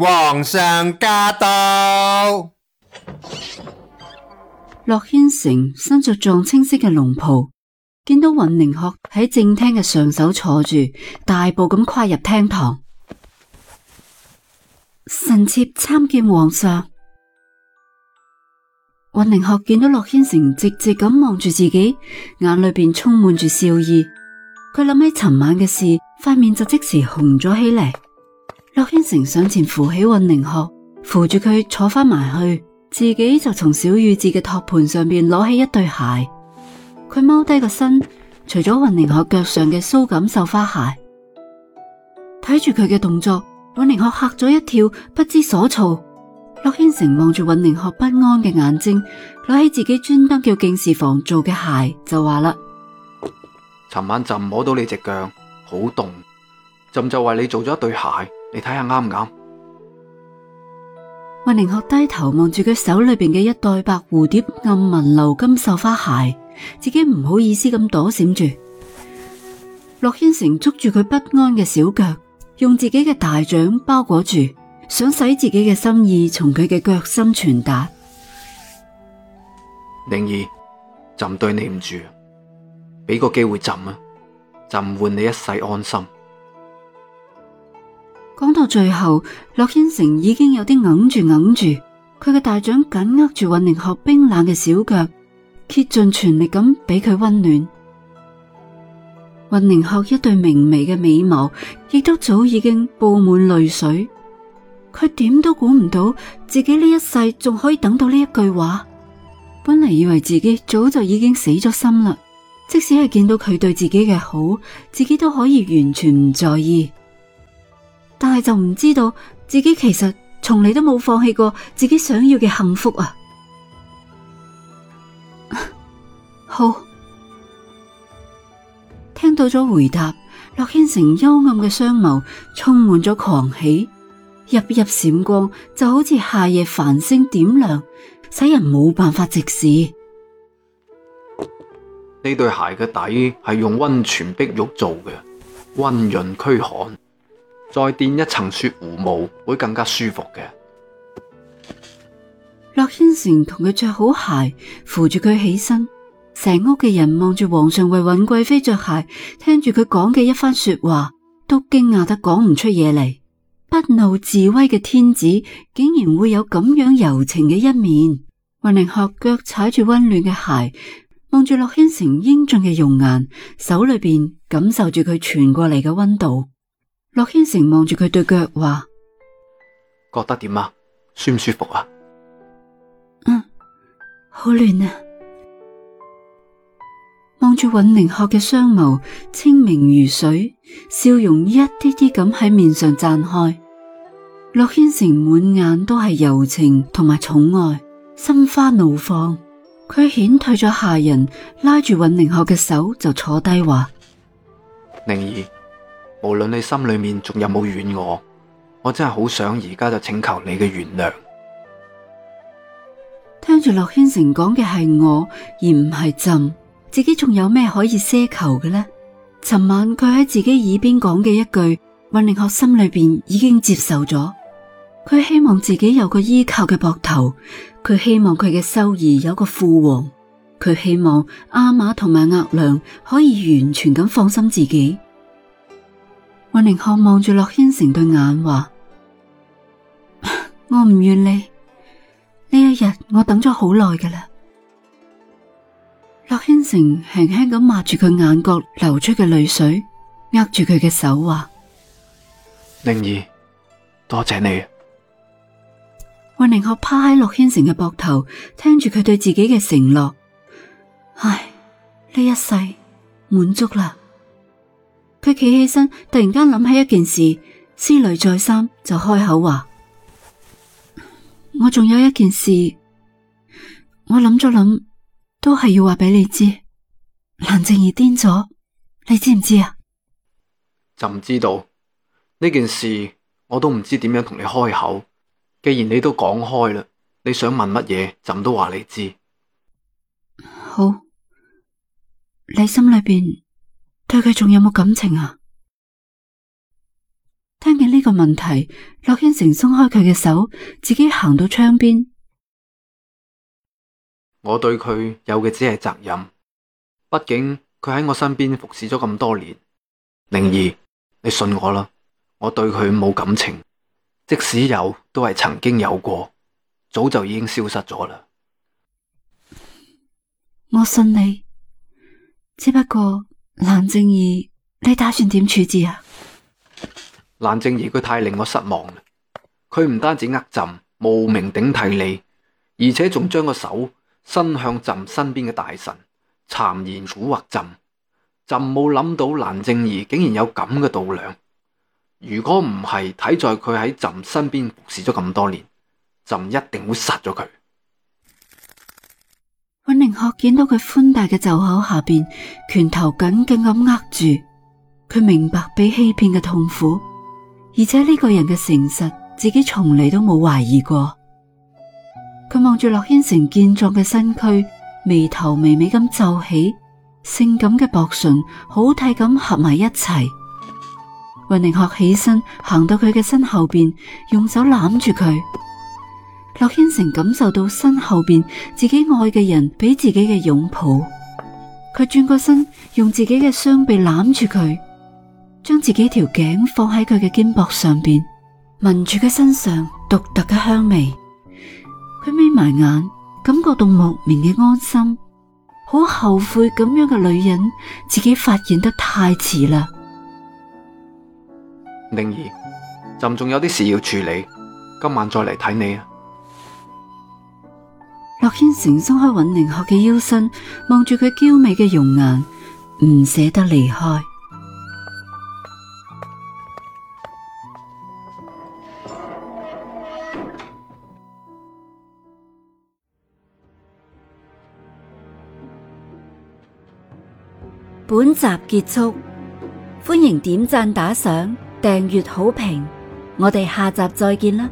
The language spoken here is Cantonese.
皇上駕到！駱軒成身着藏青色嘅龍袍，見到雲寧學喺正廳嘅上首坐住，大步咁跨入廳堂。臣妾參見皇上。雲寧學見到駱軒成直直咁望住自己，眼裏邊充滿住笑意。佢諗起尋晚嘅事，塊面就即時紅咗起嚟。洛軒城上前扶起運寧學，扶住佢坐翻埋去，自己就從小玉置嘅托盤上邊攞起一對鞋。佢踎低個身，除咗運寧學腳上嘅酥感繡花鞋，睇住佢嘅動作，運寧學嚇咗一跳，不知所措。洛軒城望住運寧學不安嘅眼睛，攞起自己專登叫敬事房做嘅鞋，就話啦：尋晚朕摸到你隻腳好凍，朕就為你做咗一對鞋。你睇下啱唔啱？魏寧學低頭望住佢手裏邊嘅一對白蝴蝶暗紋鎏金繡花鞋，自己唔好意思咁躲閃住。洛軒成捉住佢不安嘅小腳，用自己嘅大掌包裹住，想使自己嘅心意從佢嘅腳心傳達。寧兒，朕對你唔住，俾個機會朕啊，朕換你一世安心。.講到最後，洛軒成已經有啲揞住揞住，佢嘅大掌緊握住尹寧鶴冰冷嘅小腳，竭盡全力咁俾佢溫暖。尹寧鶴一對明媚嘅美眸，亦都早已經布滿淚水。佢點都估唔到自己呢一世仲可以等到呢一句話。本嚟以為自己早就已經死咗心啦，即使係見到佢對自己嘅好，自己都可以完全唔在意。但係就唔知道自己其實從嚟都冇放棄過自己想要嘅幸福啊！ 好，聽到咗回答，駱軒成幽暗嘅雙眸充滿咗狂喜，熠熠閃光，就好似夏夜繁星點亮，使人冇辦法直視。呢對鞋嘅底係用溫泉碧玉做嘅，溫潤驅寒。再墊一層雪狐毛會更加舒服嘅。洛軒成同佢着好鞋，扶住佢起身，成屋嘅人望住皇上為尹貴妃着鞋，聽住佢講嘅一番說話，都驚訝得講唔出嘢嚟。不怒自威嘅天子，竟然會有咁樣柔情嘅一面。允寧學腳踩住溫暖嘅鞋，望住洛軒成英俊嘅容顏，手裏邊感受住佢傳過嚟嘅溫度。洛軒成望住佢對腳話：，覺得點啊？舒唔舒服啊？嗯，好亂啊！望住尹寧學嘅雙眸，清明如水，笑容一啲啲咁喺面上綻開。洛軒成滿眼都係柔情同埋寵愛，心花怒放。佢遣退咗下人，拉住尹寧學嘅手就坐低話：，寧兒。無論你心裏面仲有冇怨我，我真係好想而家就請求你嘅原諒。聽住樂軒成講嘅係我，而唔係朕，自己仲有咩可以奢求嘅呢？尋晚佢喺自己耳邊講嘅一句，運寧學心裏邊已經接受咗。佢希望自己有個依靠嘅膊頭，佢希望佢嘅修兒有個父皇，佢希望阿瑪同埋額娘可以完全咁放心自己。韋寧鶴望住洛軒成對眼話：我唔怨你呢一日，我等咗好耐噶啦。洛軒成輕輕咁抹住佢眼角流出嘅淚水，握住佢嘅手話：寧兒，多謝你。韋寧鶴趴喺洛軒成嘅膊頭，聽住佢對自己嘅承諾。唉，呢一世滿足啦。佢企起身，突然間諗起一件事，思慮再三就開口話：我仲有一件事，我諗咗諗，都係要話俾你知。蘭靜兒癲咗，你知唔知啊？朕知道呢件事，我都唔知點樣同你開口。既然你都講開啦，你想問乜嘢，朕都話你知。好，你心裏邊對佢仲有冇感情啊？聽見呢個問題，駱軒成鬆開佢嘅手，自己行到窗邊。我對佢有嘅只係責任，畢竟佢喺我身邊服侍咗咁多年。寧兒，你信我啦，我對佢冇感情，即使有，都係曾經有過，早就已經消失咗啦。我信你，只不過。蘭正義，你打算點處置啊？蘭正義，佢太令我失望啦！佢唔單止呃朕，冒名頂替你，而且仲將個手伸向朕身邊嘅大臣，讒言蠱惑朕。朕冇諗到蘭正義竟然有咁嘅度量。如果唔係睇在佢喺朕身邊服侍咗咁多年，朕一定會殺咗佢。韋寧學見到佢寬大嘅袖口下邊，拳頭緊緊咁握住，佢明白被欺騙嘅痛苦，而且呢個人嘅誠實，自己從嚟，都冇懷疑過。佢望住樂軒成健壯嘅身軀，眉頭微微咁皺起，性感嘅薄唇好睇咁合埋一齊。韋寧學起身行到佢嘅身後邊，用手攬住佢。洛軒成感受到身後邊自己愛嘅人俾自己嘅擁抱，佢轉過身，用自己嘅雙臂攬住佢，將自己條頸放喺佢嘅肩膊上邊，聞住佢身上獨特嘅香味，佢眯埋眼，感覺到莫名嘅安心，好後悔咁樣嘅女人自己發現得太遲啦。寧兒，朕仲有啲事要處理，今晚再嚟睇你啊。駱軒成鬆開尹寧雪嘅腰身，望住佢嬌美嘅容顏，唔捨得離開。本集結束，歡迎點讚打賞、訂閱好評，我哋下集再見啦！